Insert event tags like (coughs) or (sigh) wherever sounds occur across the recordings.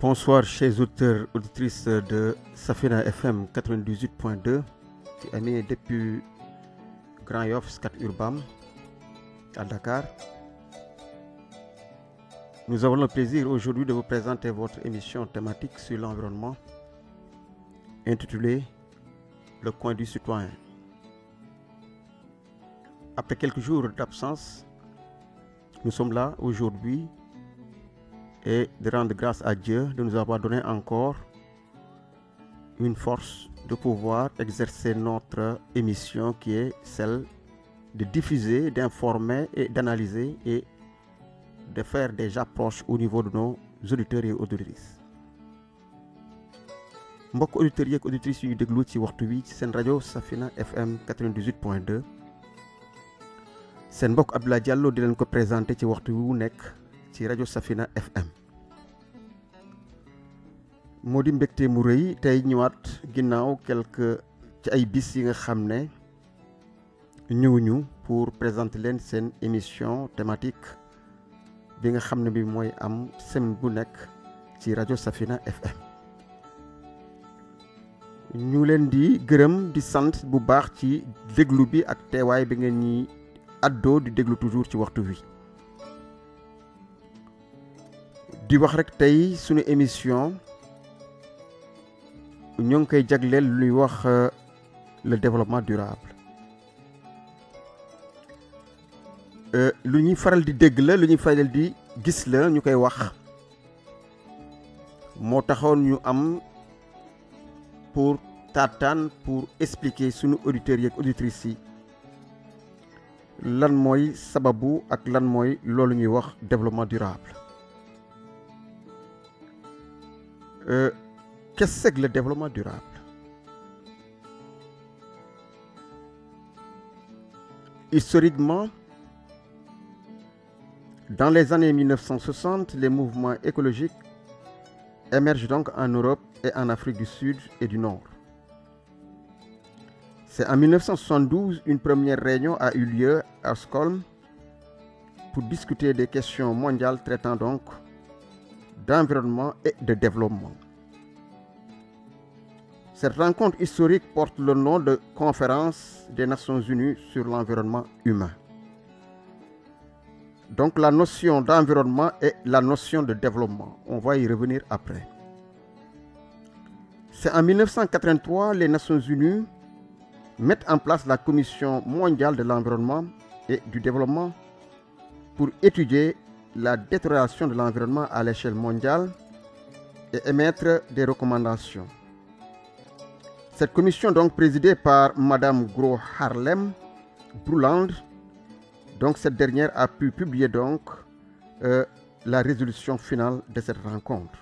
Bonsoir chers auteurs, auditrices de Safina FM 98.2 qui est né depuis Grand Yoff, Scat Urbam à Dakar. Nous avons le plaisir aujourd'hui de vous présenter votre émission thématique sur l'environnement intitulée Le coin du citoyen. Après quelques jours d'absence, nous sommes là aujourd'hui et de rendre grâce à Dieu de nous avoir donné encore une force de pouvoir exercer notre émission qui est celle de diffuser, d'informer et d'analyser et de faire des approches au niveau de nos auditeurs et auditrices. Mbok auditeurs et auditrices je ñu déglu ci waxtu wi ci radio Safina FM 98.2 seen bon Abdoulaye Diallo de leen ko présenté ci waxtu radio Safina FM modi di mbégte mu rëy tey quelques ginnaw quelque ci ay bis yi nga pour présenter leen émission thématique bi nga xam bi moy am semaine bu nekk ci Safina FM ñu lundi di gërëm di sante bu baax ci déglu bi ak téway bi nga ñi addo di déglu toujours ci waxtu wi di wax rek tey émission nous ngi koy euh, le développement durable Nous euh, ñuy faral di dégg la lu faral di gis am pour pour expliquer suñu auditeurs lan sababu lan développement durable Euh, qu'est-ce que le développement durable Historiquement, dans les années 1960, les mouvements écologiques émergent donc en Europe et en Afrique du Sud et du Nord. C'est en 1972 une première réunion a eu lieu à Skolm pour discuter des questions mondiales traitant donc d'environnement et de développement. Cette rencontre historique porte le nom de Conférence des Nations Unies sur l'environnement humain. Donc la notion d'environnement et la notion de développement, on va y revenir après. C'est en 1983 les Nations Unies mettent en place la Commission mondiale de l'environnement et du développement pour étudier la détérioration de l'environnement à l'échelle mondiale et émettre des recommandations. Cette commission, donc présidée par Madame Gro Harlem Bruland, donc cette dernière a pu publier donc euh, la résolution finale de cette rencontre.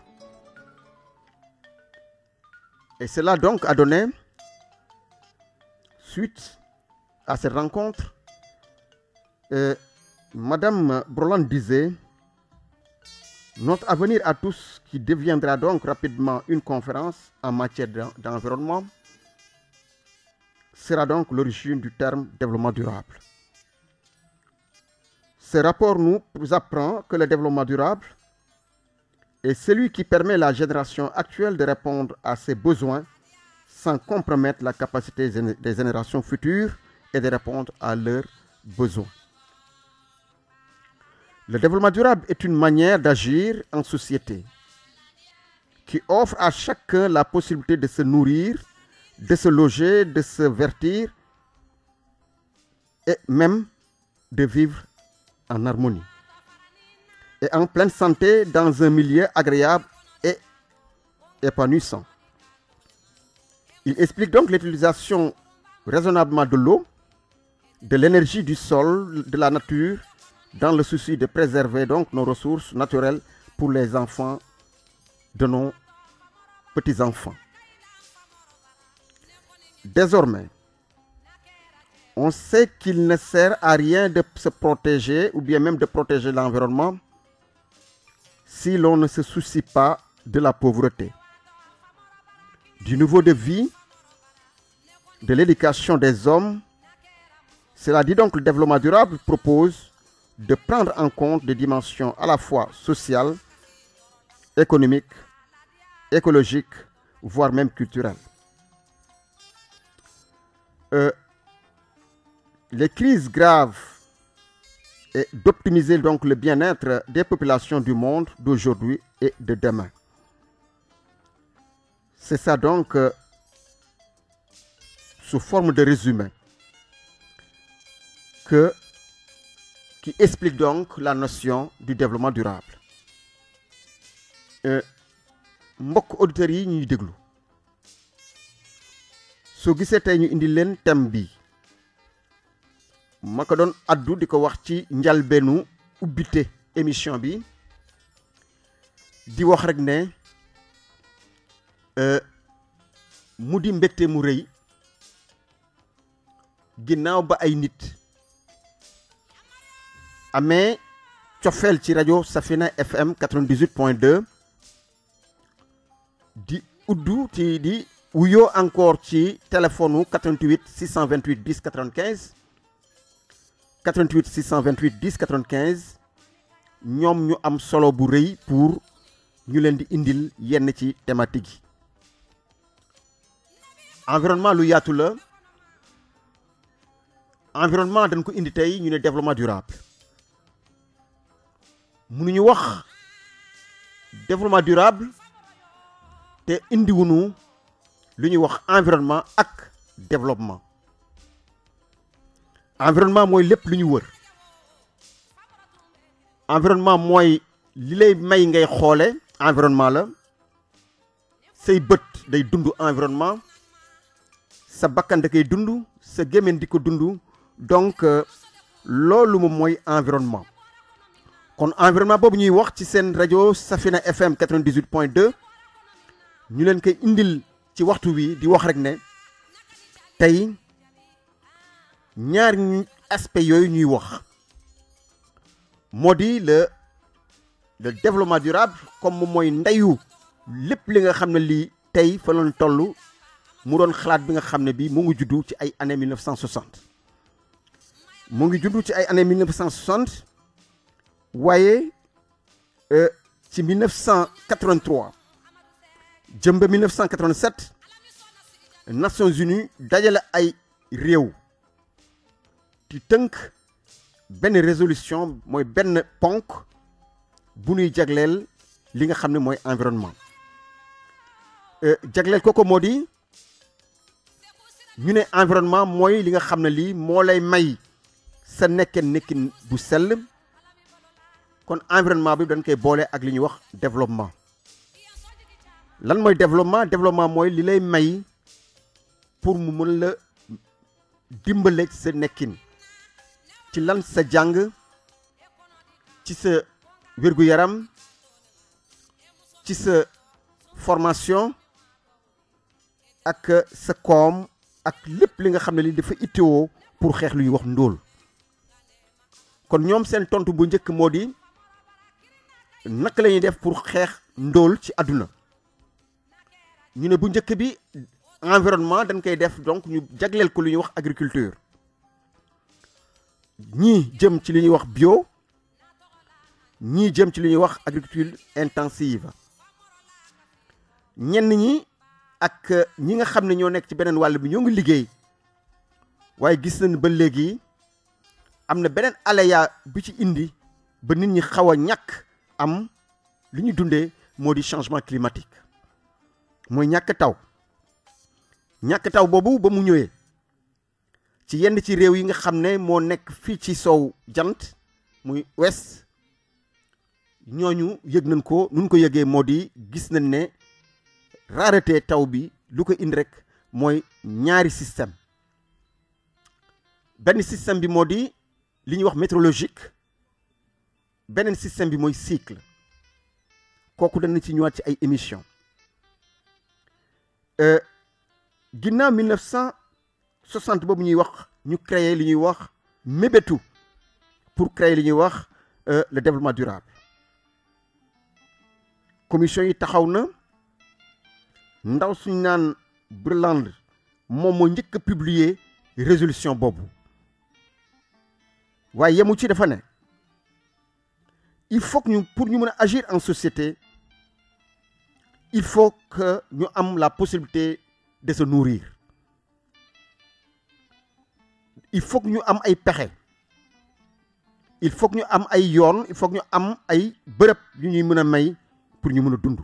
Et cela donc a donné, suite à cette rencontre, euh, Madame Broland disait Notre avenir à tous, qui deviendra donc rapidement une conférence en matière d'environnement, sera donc l'origine du terme développement durable. Ce rapport nous apprend que le développement durable est celui qui permet à la génération actuelle de répondre à ses besoins sans compromettre la capacité des générations futures et de répondre à leurs besoins. Le développement durable est une manière d'agir en société qui offre à chacun la possibilité de se nourrir, de se loger, de se vertir et même de vivre en harmonie et en pleine santé dans un milieu agréable et épanouissant. Il explique donc l'utilisation raisonnablement de l'eau, de l'énergie du sol, de la nature dans le souci de préserver donc nos ressources naturelles pour les enfants de nos petits-enfants. Désormais, on sait qu'il ne sert à rien de se protéger ou bien même de protéger l'environnement si l'on ne se soucie pas de la pauvreté, du niveau de vie, de l'éducation des hommes. Cela dit donc, le développement durable propose de prendre en compte des dimensions à la fois sociales, économiques, écologiques, voire même culturelles. Euh, les crises graves et d'optimiser donc le bien-être des populations du monde d'aujourd'hui et de demain. C'est ça donc euh, sous forme de résumé que qui explique donc la notion du développement durable euh, Mbok auditeurs yi ñuy déglu So gisee tay ñu indi leen thème bi Mako don addu diko wax ci njalbenu ubité émission bi di wax rek né euh mudi mu reuy ginnaw ba ay nit amee cofeel ci radio Safina FM 98.2 di uddu ti di wuyo encore téléphone 88 628 10 95 88 628 10 95 ñom ñu am solo bu pour ñu len di indil yenn ci thématique environnement lu environnement dañ ko indi tay ñu développement durable mënuñu wax développement durable te indiwunu lu ñuy wax environnement ak développement environnement mooy lépp lu ñu wër environnement mooy li lay may ngay xoole environnement la say bët day dund environnement sa bakkan da koy dund sa gémmiñ di ko dund donc euh, loolu moom mooy environnement kon environnement bobu ñuy wax ci seen radio Safina FM 98.2 ñu leen koy indil ci waxtu wi di wax rek ne tey ñaar aspect yooyu ñuy wax moo di le le développement durable comme mooy ndeyu lépp li nga xam ne lii tey fa loon toll mu doon xalaat bi nga xam ne bii mu ngi juddu ci ay années 1960 mu ngi juddu ci ay années 1960 euh, ci 1983 Djembe 1987 Nations Unies dajale ay Rio. ci tënk ben résolution moi ben ponk bu ñuy jagleel li nga environnement euh, jagleel koko modi, di ñu ne environnement mooy li nga xam ne lii lay may sa nekkee nekkin bu kon environnement bi dañ koy boole ak li ñuy wax développement lan mooy développement développement mooy li lay may pour mu mën la dimbale ci sa nekkin ci lan sa jàng ci sa wér yaram ci sa formation ak sa koom ak lépp li nga xam ne li dafa ittewoo pour xeex luy wax ndóol kon ñoom seen tontu bu njëkk moo di naka lañuy def pour xeex ndóol ci àdduna ñu ne bu njëkk bi environnement dañ koy def donc ñu jagleel ko lu ñuy wax agriculture ñii jëm ci li ñuy wax bio ñii jëm ci li ñuy wax agriculture intensive ñenn ñi ak ñi nga xam ne ñoo nekk ci beneen wàll bi ñoo ngi liggéey waaye gis nañ ba léegi am na beneen alaya bi ci indi ba nit ñi xaw a ñàkk am li dundé changement climatique moy ñak taw ñak taw qui ba mu ci yenn ci réew yi jant muy ouest ñooñu yegg nañ ko nuñ ko gis nañ ne rareté taw bi lu ko rek moy ñaari système ben système météorologique benen système bi moy cycle kooku dañ ci ñëwaat ci ay émission euh, ginnaaw 1960 bobu ñuy wax ñu créer li ñuy wax mebetu pour créer li ñuy wax euh, le développement durable commission yi taxaw na ndaw suñu naan Brundtland moom moo publier résolution bobu waaye yemu ci dafa ne il faut que nous, pour nous agir en société il faut que nous ayons la possibilité de se nourrir il faut que nous am ay il faut que nous ayons ay yon, il faut que nous am ay ñuy pour nous mën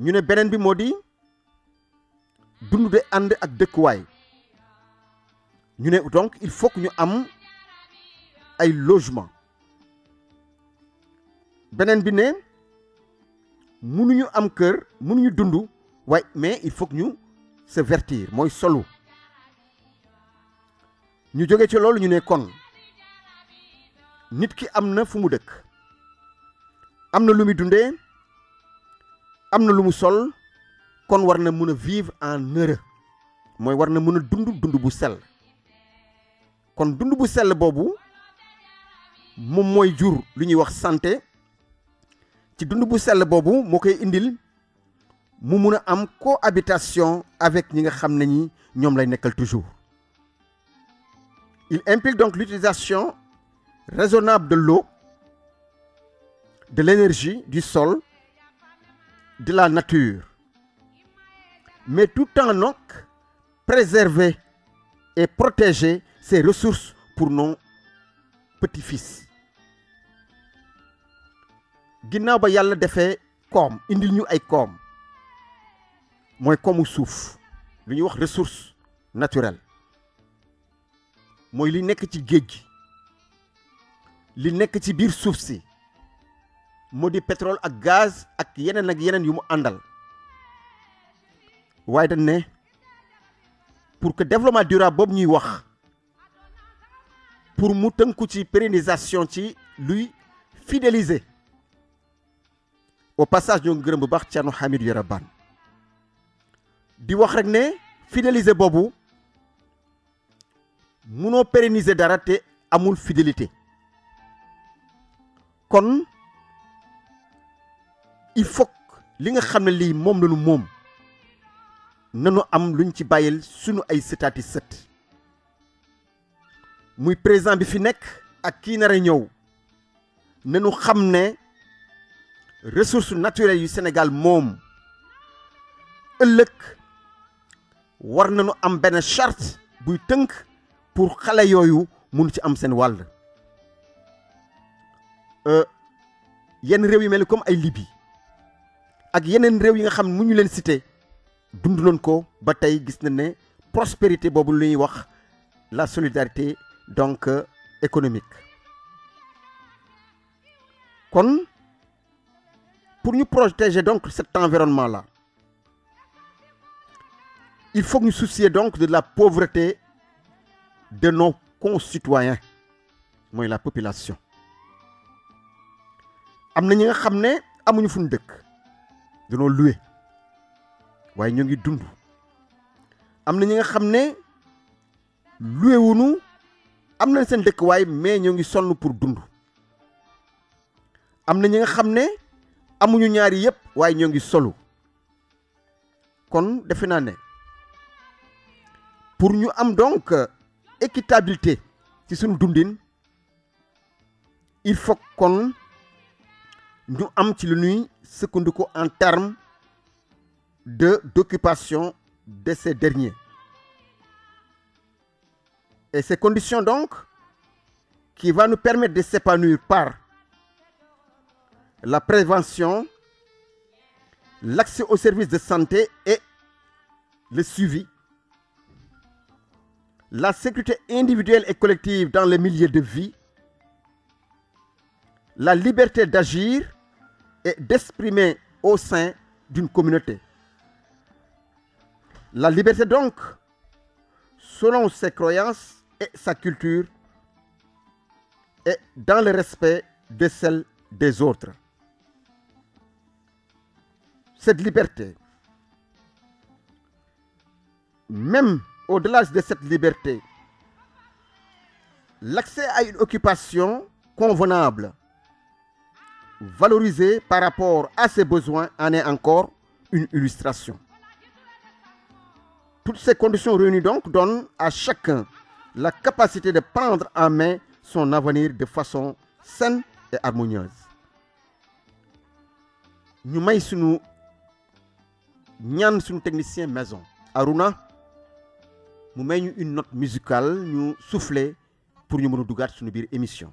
Nous, ne bi modi de ande ak donc il faut que nous am ay logement nous bi ne mënuñu am kër mais il faut que ñu se vertir mooy solu ñu jóge ci loolu ñu ne kon nit ki am na fu mu dëkk am lu Nous dundee am lu mu sol kon war na mën a vivre en heureux mooy war na mën a bu kon bu santé ci dund bu sell indil mu meuna am cohabitation avec ñi nga xam ne ñom lay nekkal toujours il implique donc l'utilisation raisonnable de l'eau de l'énergie du sol de la nature mais tout en donc préserver et protéger ces ressources pour nos petits-fils ginnaaw ba yàlla defee koom indil ñu ay koom mooy koomu suuf lu ñuy wax ressource naturelle mooy li nekk ci géej gi li nekk ci biir suuf si moo di pétrole ak gaz ak yeneen ak yeneen yu mu àndal waaye dañ ne pour que développement durable boobu ñuy wax pour mu tënku ci pérennisation ci luy fidéliser au passage ñoo ngi bu baax Thierno Hamid Yara di wax rek Bobo. fidéliser pérenniser dara amul fidélité kon il faut que nga xam ne que nous la am luñ ci sunu ay que sët muy président bi fi ak ressources naturelles du Sénégal mom euleuk war nañu am charte buy pour ci am wal euh yenn rew yi mel comme ay Libye ak yenen rew yi nga xam prospérité la solidarité donc euh, économique kon pour nous protéger donc cet environnement-là il faut nous soucier donc de la pauvreté de nos concitoyens moi la population Amna ñi nga xamné amuñu fuñu ñu dëkk dañoo loué waye ñoo ngi dund amna ñi nga xamné loué wuñu amna dëkk waye mais ñoo ngi sonn pour dund amna ñi nga amuñu ñaari yépp waaye ñoo ngi solu kon defe naa ne pour ñu am donc équitabilité ci suñu dundin il faut kon ñu am ci lu ñuy en termes de d'occupation de ces derniers et ces conditions donc qui va nous permettre de s'épanouir par la prévention, l'accès aux services de santé et le suivi, la sécurité individuelle et collective dans les milieux de vie, la liberté d'agir et d'exprimer au sein d'une communauté. La liberté donc, selon ses croyances et sa culture, et dans le respect de celle des autres cette liberté. Même au-delà de cette liberté, l'accès à une occupation convenable, valorisée par rapport à ses besoins, en est encore une illustration. Toutes ces conditions réunies donc donnent à chacun la capacité de prendre en main son avenir de façon saine et harmonieuse. Nous sunu ñaan suñu technicien maison Aruna nous may une note musicale nous souffler pour nous garder sur l'émission. émission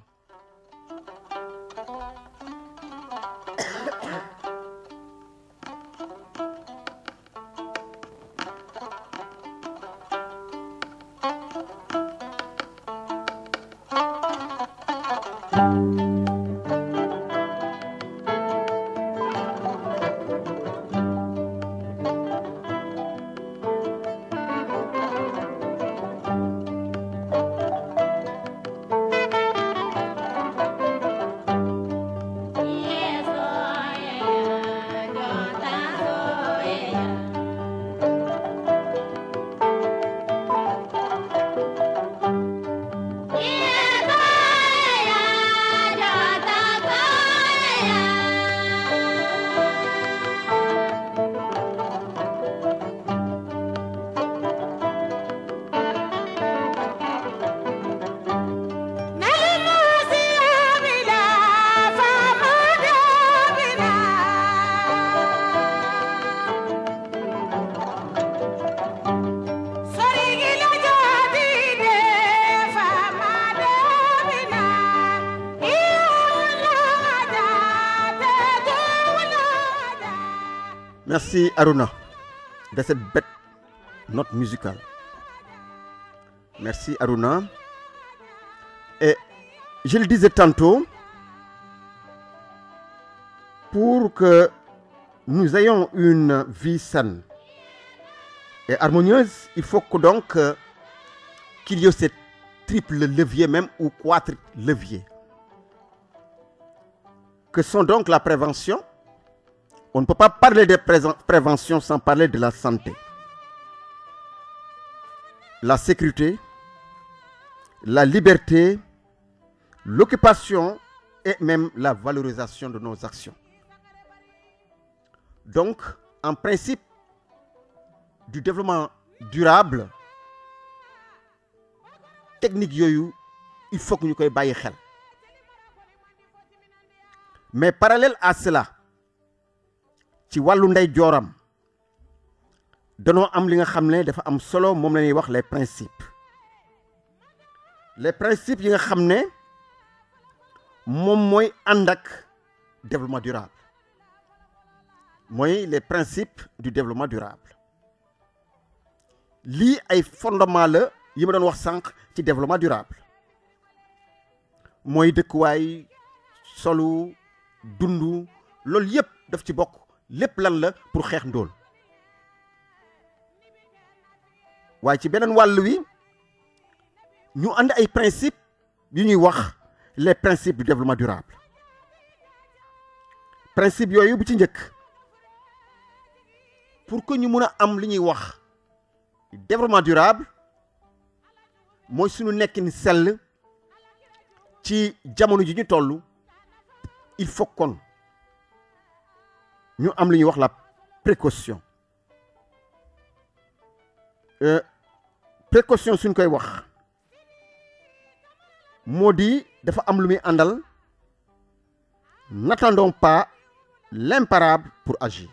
(coughs) Merci Aruna de cette bête note musicale. Merci Aruna. Et je le disais tantôt, pour que nous ayons une vie saine et harmonieuse, il faut donc euh, qu'il y ait ce triple levier même ou quatre leviers. Que sont donc la prévention, on ne peut pas parler de prévention sans parler de la santé. La sécurité, la liberté, l'occupation et même la valorisation de nos actions. Donc, en principe du développement durable, technique yoyou, il faut que nous soyons Mais parallèle à cela, ci walu ndey joram danoo am li nga xam dafa am solo mom lañuy wax les principes les principes yi nga xam mom moy andak développement durable moy les principes du développement durable Li ay fondement la yi ma doon wax sank ci développement durable dekk way solo dundu lol yëpp daf ci bokk lepp lan la pour xex ndol waaye ci beneen wàll wi ñu and ay principes yu ñuy wax les principes du développement durable principe yooyu bu ci njëkk pour que ñu mëna am li ñuy wax développement durable moy suñu nekkin sel ci jamono ji ñu tollu il faut kon ñu am li ñuy wax la précaution euh, précaution suñ koy wax modi dafa am lu muy andal. n'attendons pas l'imparable pour agir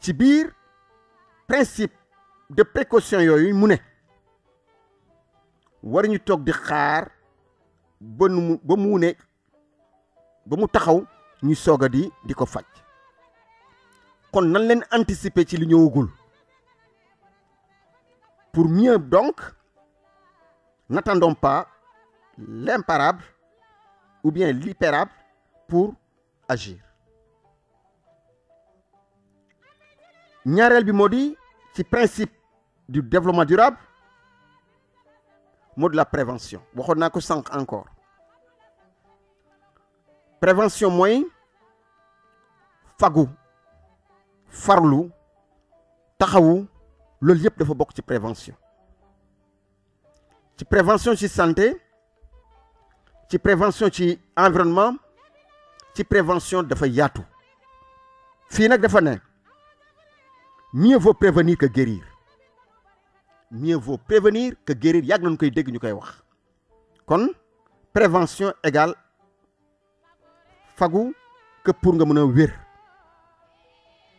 ci principe de précaution yooyu mu ne war ñu toog di xaar ba nu ba mu ne ba mu taxaw nous sommes en di de ko kon nan leen anticiper ci li ñewugul pour mieux donc n'attendons pas l'imparable ou bien l'hyperable pour agir ñaarel bi modi ci principe du développement durable mot la prévention waxon nako sank encore prévention moyenne Fagou... farlu taxawu lieu de dafa bokk ci prévention ci prévention ci santé ci prévention ci environnement ci prévention dafa yaatu fii nag dafa ne mieux vaut prévenir que guérir mieux vaut prévenir que guérir yàgg a koy dégg ñu nous wax kon prévention égale Fagou... que pour nous mën a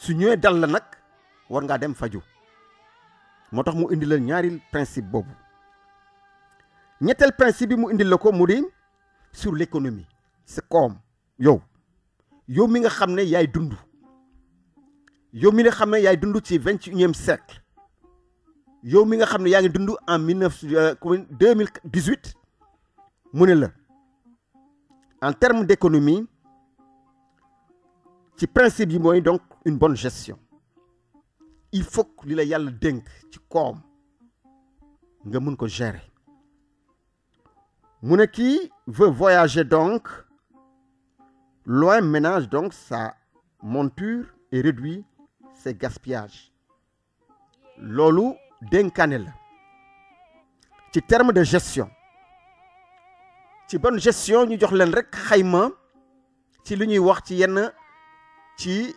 su nous dal la nak war nous dem faju motax indi la ñaari principe bobu principe bi mu indi sur l'économie C'est comme yow yow mi nga xamné yaay dundu. mi nga xamné yaay dundu ci 21 siècle mi nga xamné ya en 2018 2018 euh, en termes d'économie ci principe bi moy donc une bonne gestion il faut que li la yàlla comme ci koom nga mën ko gérer mu ki veut voyager donc loin ménage donc sa monture et réduit ses gaspillages lolu dénkaane la ci terme de gestion ci bonne gestion ñu jox leen rek xayma ci li ñuy wax ci yenn ci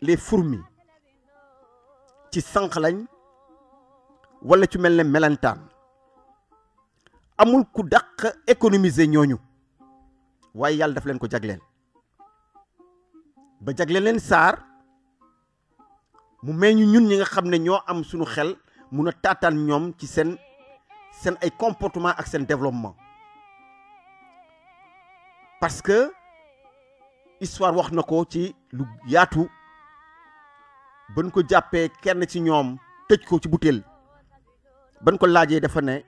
les fourmis ci sank lañ wala ci melne melantan amul ku dàq économiser ñooñu way yalla daf leen ko jagleel ba jagleel leen sar mu meññu ñun ñi nga xam ño am suñu xel mun a taataan ci sen sen ay comportement ak sen développement parce que histoire wax na ci lu yaatu ban ko jappé kenn ci ñom tëj ko ci butéel ban ko laajee dafa né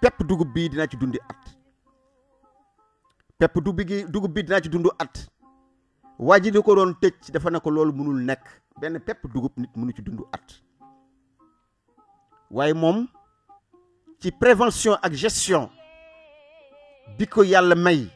pepp dugub bi dina ci dundi at pepp dugub bi dugub ci dundu at Waji ji di ko doon tëj dafa nako ko mënul nek ben pepp dugub nit mënu ci dundu at waye mom. ci prévention ak gestion bi yalla may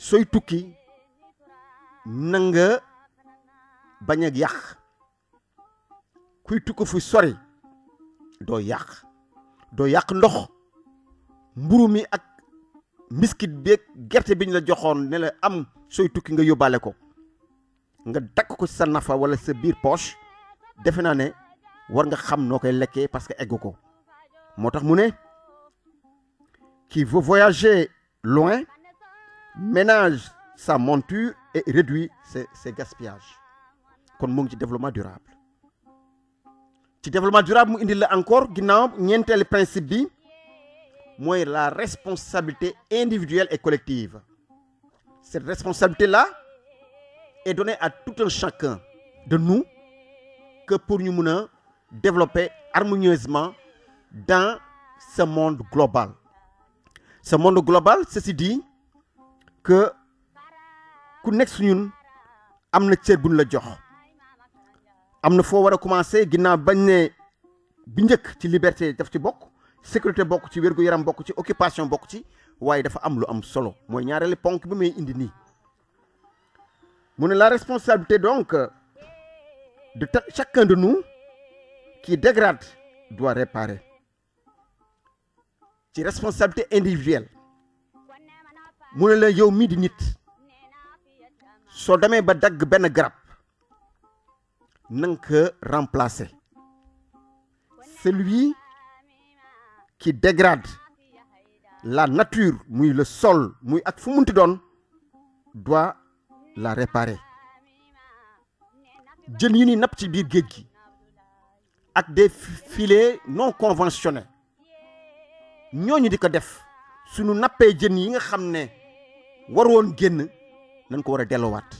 sooy tukki na nga bañ a yàq kuy tukki fu sori doo yàq doo yàq ndox mburu mi ak miskit beeg gerte bi ñu la joxoon ne am sooy tukki nga yóbbaale ko nga dakk ko sa nafa wala sa biir poche defe naa ne war nga xam noo koy lekkee parce que egg ko moo tax mu ne qui voyager loin ménage sa monture et réduit ses gaspillages C'est mu développement durable Le développement durable il y a encore un principe bi la responsabilité individuelle et collective cette responsabilité là est donnée à tout un chacun de nous que pour nous... développer harmonieusement dans ce monde global ce monde global ceci dit que ku nek ñun buñ la jox commencé ci liberté daf ci sécurité bok ci devons yaram bok ci occupation bok ci dafa am lu am solo moy Nous ponk bi may la responsabilité donc de chacun de nous qui dégrade doit réparer ci responsabilité individuelle mu ne la yow mii di nit soo demee ba dagg benn garab na remplacer celui qui dégrade la nature muy le sol muy ak fu munti doon doit la réparer jën yi ni napp ci biir ak des filets non conventionnels ñooñu di ko def suñu nappee jën yi nga xam war woon génn nañ ko war a delloowaat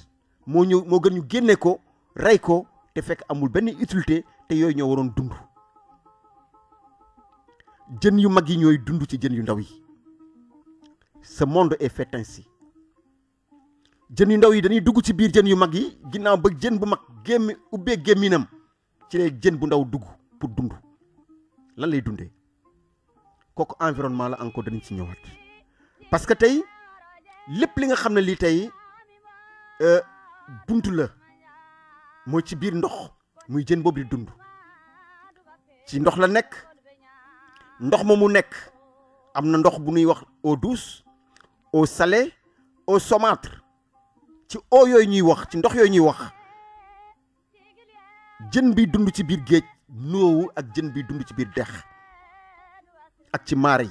moo ñëw moo gën ñu génnee ko rey ko te fekk amul benn utilité te yooyu ñoo waroon dund jën yu mag yi ñooy dund ci jën yu ndaw yi ce monde est fait ainsi jën yu ndaw yi dañuy dugg ci biir jën yu mag yi ginnaaw ba jën bu mag gémmi ubbee gémminam ci lay jën bu ndaw dugg pour dund lan lay dundee kooku environnement la encore danañ ci ñëwaat parce tey lépp li nga xam ne lii tey bunt euh, la mooy ci biir ndox muy jën boobu di dund ci ndox la nekk ndox ma mu nekk am na ndox bu ñuy wax eau douce eau salée eau saumâtre ci eau yooyu ñuy wax ci ndox yooyu ñuy wax jën bi dund ci biir géej noowu ak jën bi dund ci biir dex ak ci maar yi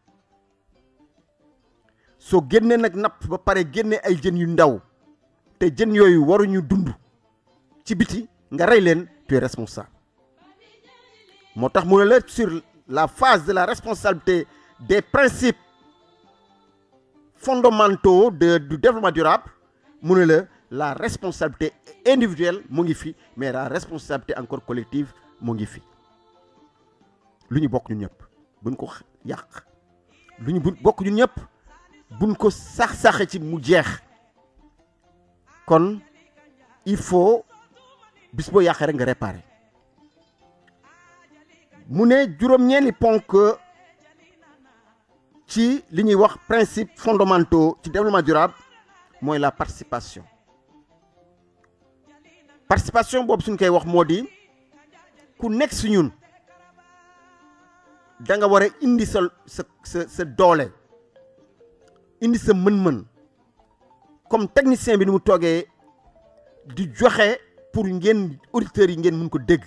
so génnee nak nap ba paré, génne ay jën yu ndaw te yoyu waru ñu dund ci biti nga ray leen tu es responsable moo tax sur la phase de la responsabilité des principes fondamentaux de du développement durable mu la responsabilité individuelle mu fi mais la responsabilité encore collective mu ngi fi lu ñu bokk ñun ñëpp buñ ko lu ñu buñ ko sax saxé ci mu jeex kon il faut bis ya yàqee rek nga réparer mu ne juróom-ñeeli ponk ci li ñuy wax principe fondamentaux ci développement durable moy la participation participation boobu suñ koy wax modi ku nekk si ñun da nga war indi sa sa sa sa doole indi sa mën-mën comme technicien bi ni mu toogee di joxe pour ngeen auditeurs yi ngeen mën ko dégg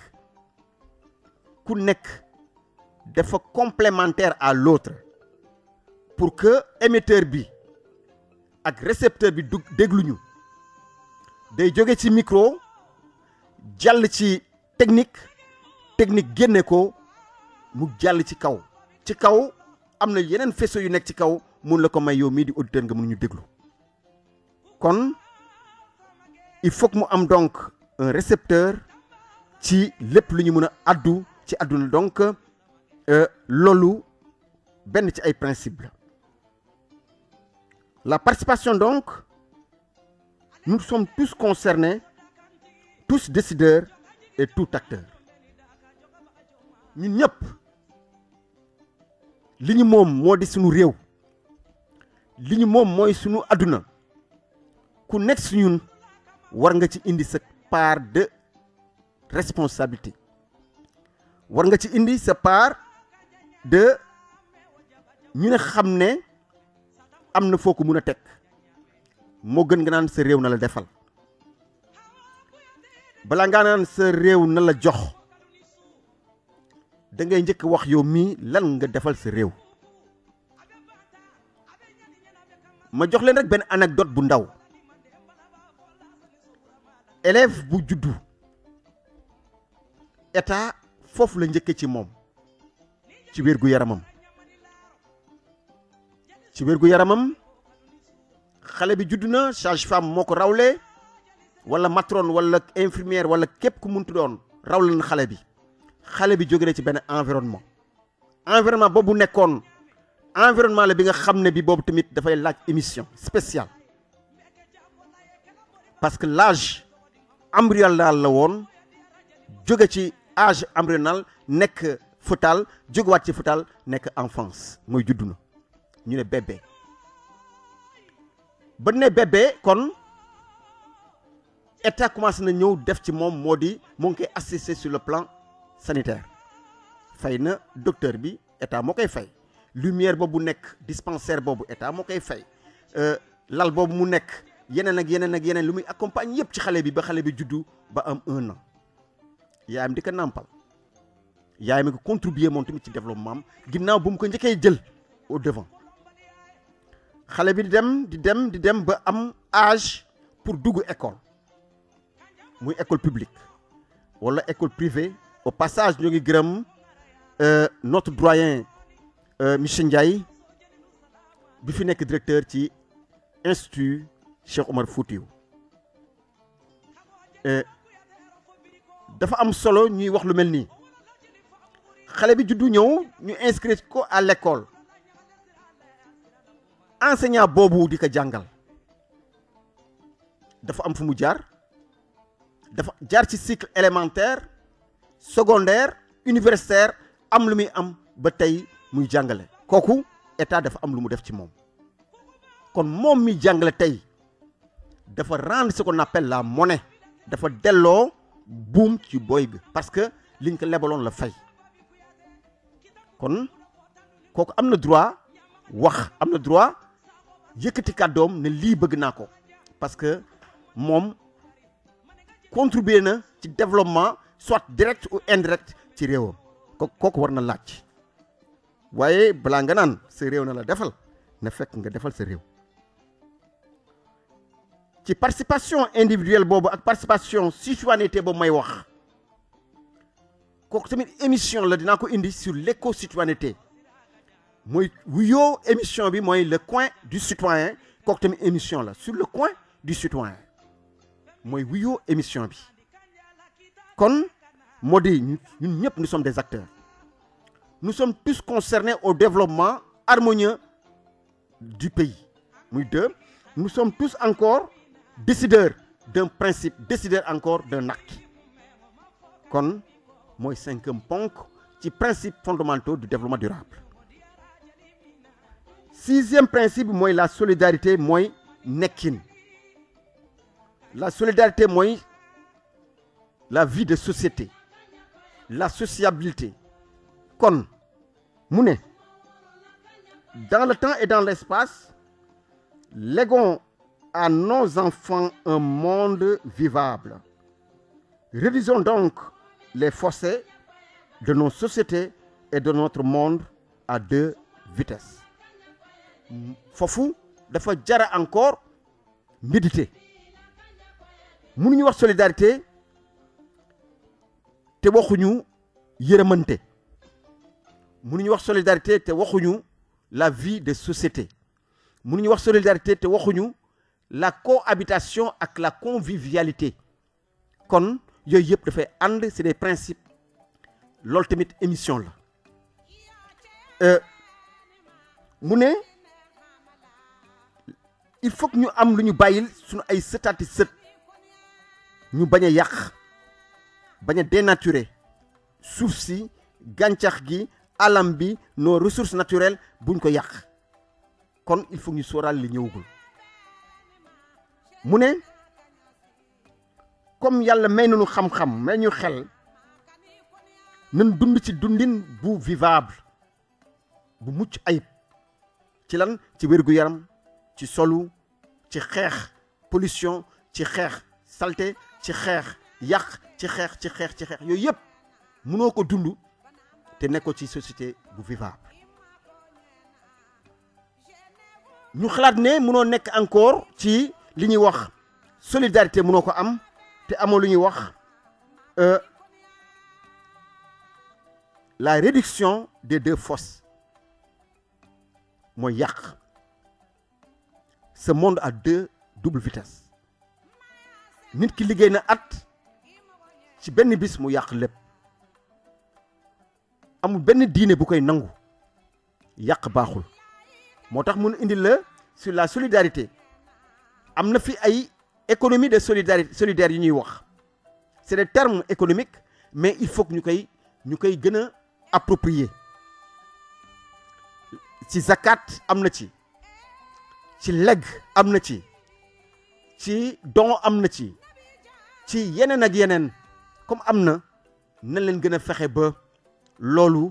ku nekk dafa complémentaire à l'autre pour que émetteur bi ak récepteur bi du dégluñu day jóge ci micro jàll ci technique technique génne ko mu jàll ci kaw ci kaw am na yeneen faisceau yu nekk ci kaw mun la ko may yow mii di auditeur nga mun ñu déglu kon il faut que mu am donc un récepteur ci lépp lu ñu mën a addu ci àdduna donc euh, loolu benn ci ay principe la participation donc nous sommes tous concernés tous décideurs et tout acteurs. ñun ñëpp li ñu moom moo suñu réew liñu ñu moom mooy suñu aduna ku nekk si ñun war nga ci indi sa part de responsabilité war nga ci indi sa part de ñu ne xam ne am na foo ko gën nga naan sa réew na la defal bala nga naan sa réew na la jox da ngay njëkk wax yow mii lan nga defal sa réew ma jox len rek ben anecdote bu ndaw élève bu juddu état foofu la njëkke ci mom ci wérgu yaramam ci wérgu yaramam xalé bi judduna na sage-femme moko rawlé wala matrone wala infirmière wala képp ku muntu doon rawlan xalé bi xalé bi jóge ci ben environnement environnement boobu nekkone environnement la bi nga xamné bi bobu tamit fay laaj émission spéciale parce que l'âge embryonal la won jogé ci âge embryonal nek fœtal wat ci fœtal nek enfance moy judduna ñu né bébé ba né bébé kon état commencé na ñëw def ci mom modi di ngi assister sur le plan sanitaire fay na docteur bi état moo koy fay lumière bobu nek dispensaire bobu état moo koy fay euh, lal bobu mu nek yeneen ak yeneen ak yeneen lu muy accompagne yëpp ci xalé bi ba xalé bi juddu ba am un an yaayam di ko nàmpal yaayam ko contribuer moom tamit ci développement am ginnaaw bu mu ko njëkkee jël au devant xalé bi di dem di dem di dem ba am âge pour dugg école muy école publique wala école privée au passage ñoo ngi gërëm euh, notre doyen euh, monsieur Ndiaye bi fi nek directeur ci institut Cheikh Omar Foutiyou euh, dafa am solo ñuy wax lu melni. xalé bi juddu ñew ñu inscrit ko à l'école enseignant bobu di jangal dafa am fu mu jaar dafa jaar ci cycle élémentaire secondaire universitaire am lu muy am ba tey muy jangale kooku état dafa am lu mu def ci mom kon mom mi jangale tay dafa rendre ce qu'on appelle la monnaie dafa dello boom ci boy bi parce que liñ ko lebaloon la fay kon kooku amna droit wax amna droit yëkëti kaddom ne li bëgg ko parce que mom contribuer na ci développement soit direct ou indirect ci réewam ko war na waye balaa nga naan na la defal na fek nga defal sa rew ci participation individuelle bobu ak participation citoyenneté bobu may wax kooku tamit émission la dina ko indi sur l'éco citoyenneté moy wuyo émission bi moy le coin du citoyen kooku tamit émission la sur le coin du citoyen moy wuyo émission bi kon modi, ñun ñëpp nous sommes des acteurs nous sommes tous concernés au développement harmonieux du pays. Nous deux, nous sommes tous encore décideurs d'un principe, décideurs encore d'un acte. comme moi, cinquième point, ci principes fondamentaux du développement durable. Sixième principe la solidarité moi, La solidarité moi. la vie de société, la sociabilité comme moune dans le temps et dans l'espace léguons à nos enfants un monde vivable Révisons donc les fossés de nos sociétés et de notre monde à deux vitesses Fofu, il jara encore méditer Munuwa solidarité mënuñu wax solidarité te waxuñu la vie des sociétés mënuñu wax solidarité te waxuñu la cohabitation ak la convivialité kon yooyu yëpp dafay and c'est des principes loolu tamit émission la euh, mu ne il faut que ñu am luñu bayil suñu ay sëtaati sët ñu baña a baña dénaturer souf si gàncax gi alam nos ressources naturelles buñ ko kon il faut ñu soral li comme nous, may nañu xam-xam ñu xel nañ dund ci dundin bu vivable bu mucc ayib ci lan ci yaram ci solu ci xex pollution ci xex Nous ci ci ci ci te nekk ci société bu vivable ñu xalaat ne mënoo nekk encore ci li ñuy wax solidarité mënoo ko am te amoo lu ñuy wax euh, la réduction des deux fosses mooy yàq ce monde à deux double vitesse nit ki liggéey na at ci benn bis mu yàq lépp amul ben diiné bu koy nangu yàq baaxul motax tax indi le sur la solidarité amna fi ay économie de solidarité solidaire yu ñuy wax c'est le terme économiques mais il faut que ñukay ñukay gëna approprier ci zakat amna na ci ci leg amna ci ci don amna ci ci yenen ak yenen comme amn'a, nan leen gëna fexé ba lolu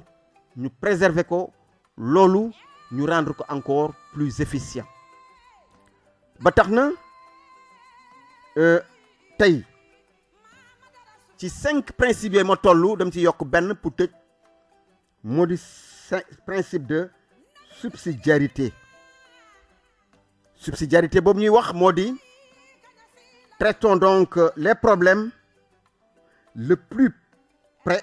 nous préserver ko nous ñu rendre encore plus efficient ba taxna euh ci cinq principes ma dem ci pour modi principe de subsidiarité subsidiarité bon ñuy wax modi traitons donc les problèmes le plus près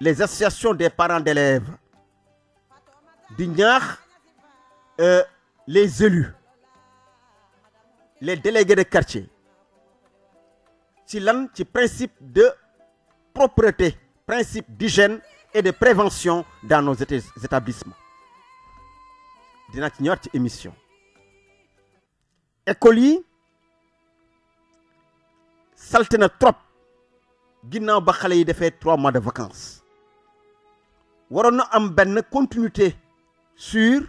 les associations des parents d'élèves euh, les élus les délégués de quartier ci lan principe de propreté principe d'hygiène et de prévention dans nos établissements Écoli. les émission Écolie, trop ginnaw ba xalé yi defee trois mois de vacances waroon na am ben continuité sur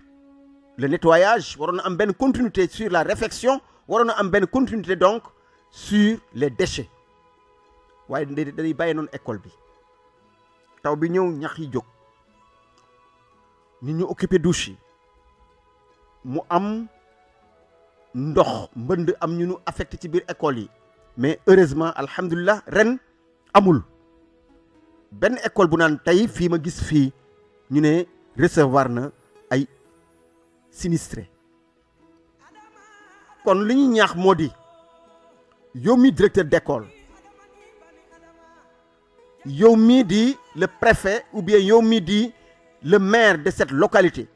le nettoyage waroon na am ben continuité sur la réfection waroon na am ben continuité donc sur les déchets waaye dañuy bàyyi non école bi taw bi ñew ñax yi jóg nit ñu occuper douche mu am ndox mbënd am ñu nu affecté ci biir école yi mais heureusement alhamdulilah ren amul ben école bu nan tay fi ma gis ñu ne recevoir na ay sinistrés kon li ñu ñaax yow mi directeur d'école yow le préfet ou bien yow le maire de cette localité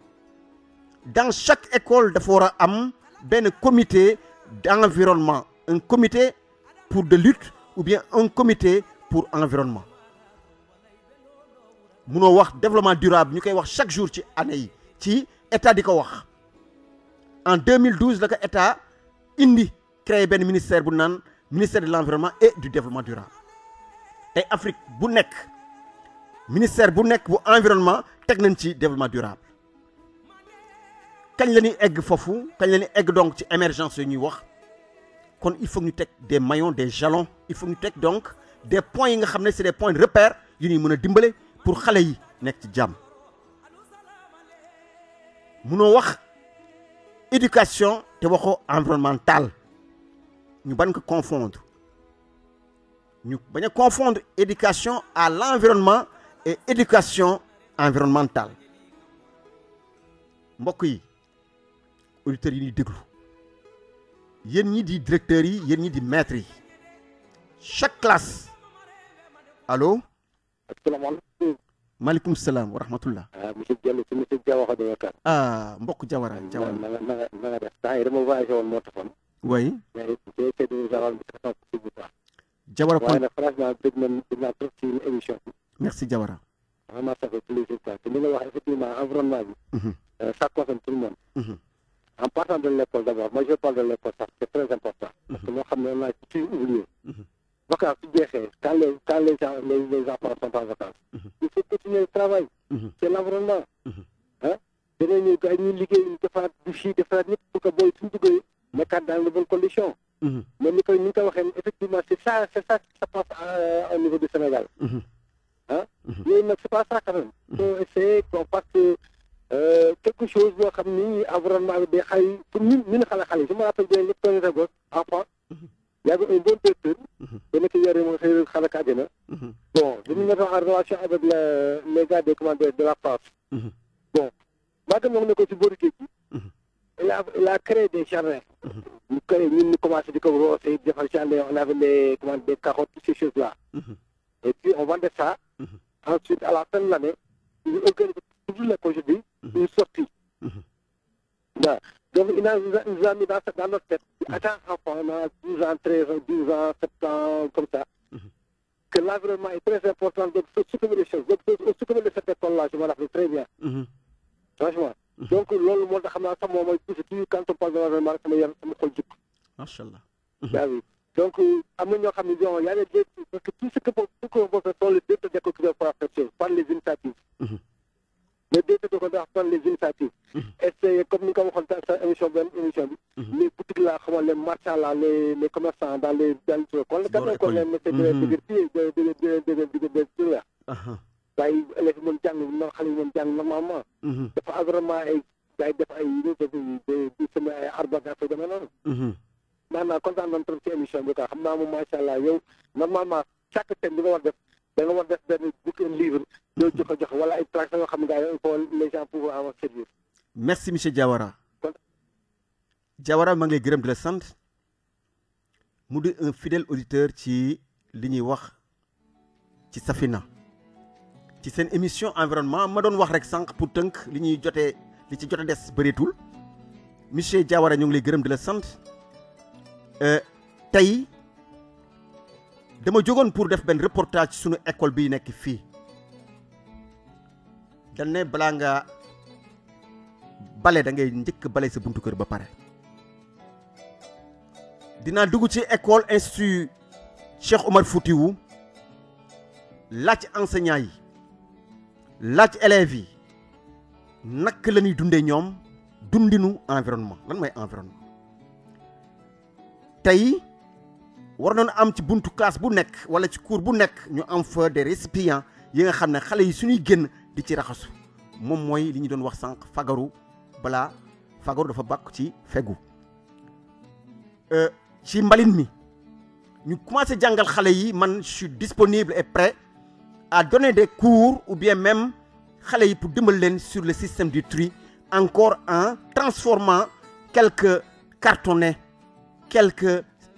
dans chaque école il y a am ben comité d'environnement un comité pour de lutte ou bien un comité pour l'environnement. environnement avons wax développement durable nous chaque jour ci année yi ci état en 2012 l'état a indi créé un ministère bu ministère de l'environnement et du développement durable Et Afrique le ministère de l'Environnement bu environnement teg nañ développement durable Quand nous avons egg foofu kañ Quand ñuy egg donc ci il faut nous teg des maillons des jalons il faut ñu donc des points yi nga c'est des points de repère yu ñuy mën a pour xale yi nekk ci jàmm munoo wax éducation te waxoo environnementale ñu bañ ko confondre Nous bañ confondre éducation à l'environnement et éducation environnementale mbokk yi auditeurs yi ñuy déglu yéen ñi di directeurs yi yeen ñi di maîtres yi chaque classe allo. asalaamaaleykum. maaleykum salaam wa rahmatullah. ah monsieur Diallo si monsieur Diaw wax dëgg yàlla. ah mbokk Jawara Jawara. na a na nga na nga def temps yii dama voyagé woon moo taxoon. oui. mais day a ñu jawar bi quatre cent soixante bu baax. Jawara kon waaye nag franchement dégg nañ dinaa trop ci émission bi. merci Jawara. vraiment ça fait plaisir quoi te li nga wax effectivement environnement bi. Mhm. Euh, ça concerne tout le monde. Mhm. en partant de l' école d' abord parle de l' sax c' très important. Mhm. parce que loo xam ne quand les enfants sont en vacances. Mhm. il faut continuer le travail. Mhm. c'est l'environnement. l' environnement. une pour que dans mhm. mais effectivement c'est ça c'est ça qui se passe euh, au niveau du Sénégal. Mais hein? c'est pas ça quand même. il faut essayer euh, quelque chose boo xam pour nous nous nous rappelle bien nous y' nous un bon avec les, les gars des commandeurs de la France. Mm -hmm. Bon, madame, on est au niveau du il a, il a créé des jardins. Mhm. Nous, nous commençons à faire des jardins, on avait les, comment, des carottes, ces choses-là. Mhm. Et puis on vendait ça. Mhm. Ensuite, à la fin de l'année, ils organise toujours les projets, une sortie. Donc, il nous a mis dans, notre tête. Attends, enfant, on a 12 ans, 13 ans, 12 ans, 7 ans, comme ça. que l'environnement est très important, donc supprimer les choses, donc supprimer cette école-là, je m'en rappelle très bien. Mmh. Franchement. Mmh. Donc, l'on montre à moi, moi, quand on parle de l'environnement, ça me colle du coup. Machallah. Mhm. Bah oui. Donc, à mon avis, il y a des parce que tout ce qu'on peut faire, sont les deux qui doivent faire par les initiatives. Mhm. mais dès que ko les initiatives. c'est comme nous comme les boutiques là les là les commerçants dans les dans les. vraiment chaque da nga war def benn bouquin livre ñoo jox ko wala ay tracts yoo xam ne gars yi les gens pouvoir avoir servir. merci monsieur Diawara. Diawara maa ngi lay gërëm di la sant mu di un fidèle auditeur ci li ñuy wax ci Safina ci seen émission environnement ma doon wax rek sànq pour tënk li ñuy jotee li ci jote des bëreetul monsieur Diawara ñu ngi lay gërëm di la sant euh, tey. dama jogon pour def ben reportage sunu école bi nek fi dañ ne balaa nga da ngay ñëk balé sa buntu kër ba paré dina dugg ci école institut Cheikh Omar Foutiou lacc enseignant yi lacc élève yi nak lañuy dundé ñom dundinu environnement lan mooy environnement tay war nañu am ci buntu classe bu nekk wala ci cour bu nekk ñu am fa des récipients yi nga xam ne xale yi suñuy génn di ci raxasu moom mooy li ñu doon wax sànq fagaru bala fagaru dafa bàkk ci fegu euh, ci mbalin mi ñu commencé jàngal xale yi man je suis disponible et prêt à donner des cours ou bien même xale yi pour dimbal leen sur le système du tri encore en transformant quelques cartonnets quelques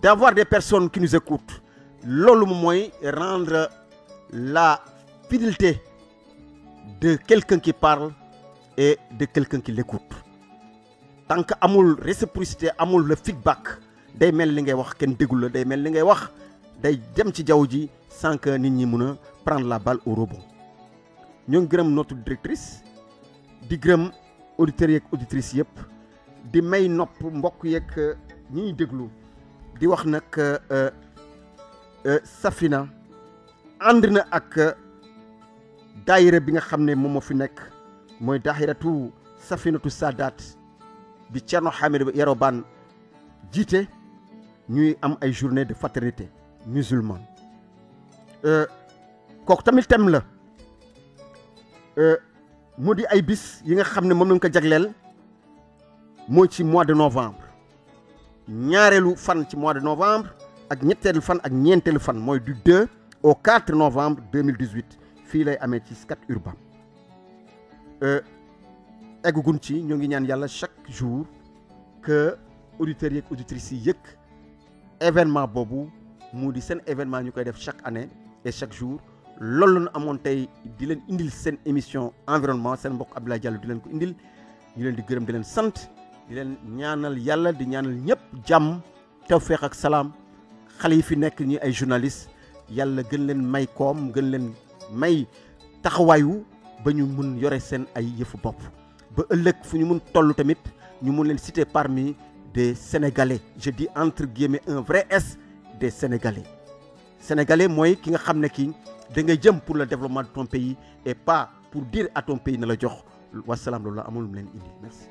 d'avoir des personnes qui nous écoutent loolu moom rendre la fidélité de quelqu'un qui parle et de quelqu'un qui l'écoute tant que réciprocité le feedback day mel li ngay wax kenn déglu la day mel li ngay wax day dem ci sans que nini ñi prenne prendre la balle au rebond Nous sommes notre directrice di gërëm auditeurs et auditrices yëpp di may nopp mbokk yeeg ñi di wax euh, euh Safina andina ak euh, daayira bi nga xamné momo fi nek moy daayiratu Safinatu sadat bi Thierno hamir Yero Bane ñuy am ay journée de fraternité euh kok tamit thème la euh modi ay bis yi nga xamné mom lañ ko jagleel moy ci mois de novembre ñaarelu fan ci mois de novembre ak ñetteelu fan ak ñeenteelu fan mooy du 2 au 4 novembre 2018 fii lay amee ci Scat Urbam euh, eggugun ci ñoo ngi ñaan yàlla chaque jour que auditeurs yeeg auditrices yi yëg événement boobu mu di seen événement ñu koy def chaque année et chaque jour loolu nu amoon tey di leen indil seen émission environnement seen mbokk Abdoulaye Diallo di leen ko indil ñu leen di gërëm di leen sant di leen ñaanal yalla di ñaanal ñep jàmm tawféex ak salam xale yi fi nekk ñi ay journaliste yalla gën leen may koom gën leen may taxawaayu ba ñu mun yoré sen ay yëf bop ba ëlëk fu ñu mun tollu tamit ñu mun leen citer parmi des sénégalais je dis entre guillemets un vrai S des sénégalais sénégalais moy ki nga xamné ki da nga jëm pour le développement de ton pays et pas pour dire à ton pays na la jox wasalaam loolu amul leen indi merci.